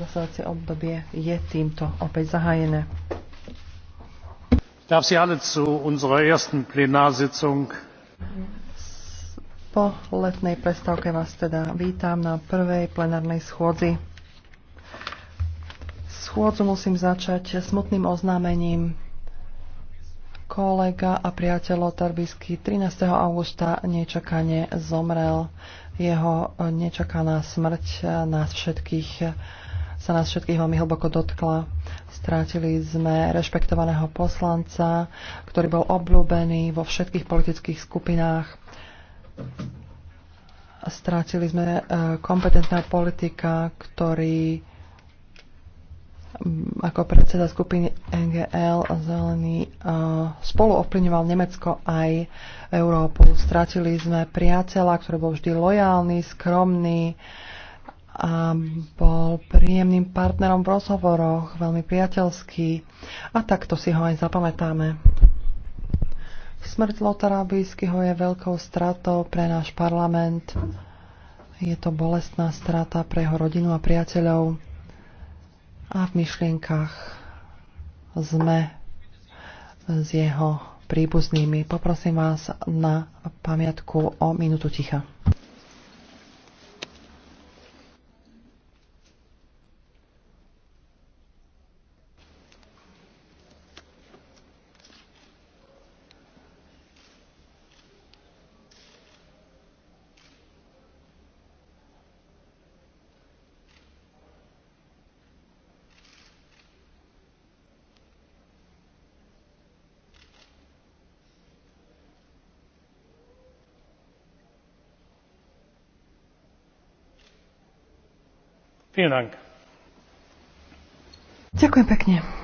nasledovacie obdobie je týmto opäť zahájené. Darf Sie alle zu unserer ersten Plenarsitzung po letnej prestávke vás teda vítam na prvej plenárnej schôdzi. Schôdzu musím začať smutným oznámením. Kolega a priateľ Tarbisky 13. augusta nečakane zomrel. Jeho nečakaná smrť nás všetkých sa nás všetkých veľmi hlboko dotkla. Strátili sme rešpektovaného poslanca, ktorý bol obľúbený vo všetkých politických skupinách. Strátili sme e, kompetentného politika, ktorý ako predseda skupiny NGL a Zelený e, spolu ovplyvňoval Nemecko aj Európu. Strátili sme priateľa, ktorý bol vždy lojálny, skromný, a bol príjemným partnerom v rozhovoroch, veľmi priateľský a takto si ho aj zapamätáme. Smrť Lotara Bískyho je veľkou stratou pre náš parlament. Je to bolestná strata pre jeho rodinu a priateľov. A v myšlienkach sme s jeho príbuznými. Poprosím vás na pamiatku o minútu ticha. ďakujem pekne. pán pán